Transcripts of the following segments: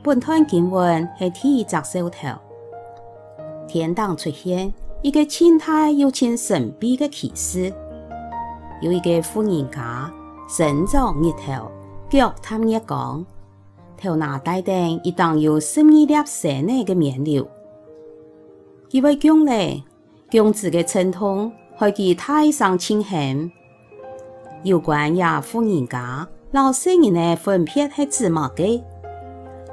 本段經文係第一隻手頭，天堂出現一個清太，又清神秘嘅奇事，有一個婦人家身着日頭，腳踏一光，頭拿帶燈，一當有十二粒神呢嘅面流。幾位講咧，公子嘅神通係去太上清閒。有關亞婦人家老歲人呢，分別係指乜嘅。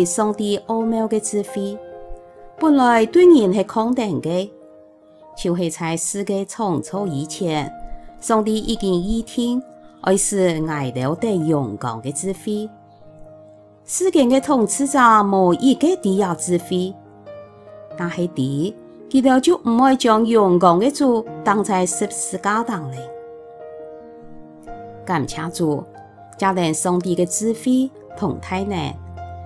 是上帝奧妙的智慧，本來對人是肯定的，就是在世界創造以前，上帝已經一天，愛是愛頭等勇敢的智慧。世間的統治者冇一個聽下智慧，但係啲，佢哋就唔愛將勇敢的主當成是十字架上呢。感謝主，就令上帝的智慧同汰呢？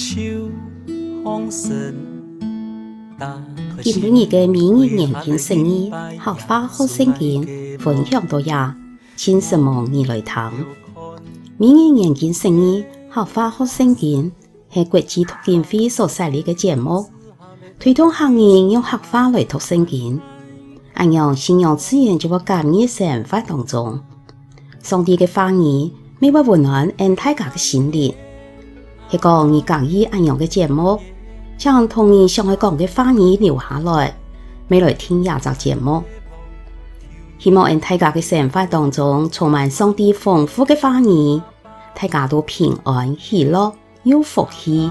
今日嘅每日研經釋義，客話學聖經，分享多呀，請什麼你來聽。每日研經釋義言言，客話學聖經，係國際讀經會非所設立嘅節目，推動客人用客話來讀聖經。恁樣信仰自然就會合入生活當中，上帝嘅話語，乜會温暖俺大家嘅心靈。係講你合意恁樣嘅節目，將同你想愛講嘅話語留下來，乜來聽這隻節目。希望人大家嘅生活當中充滿上帝豐富嘅話語，大家都平安喜樂有福氣。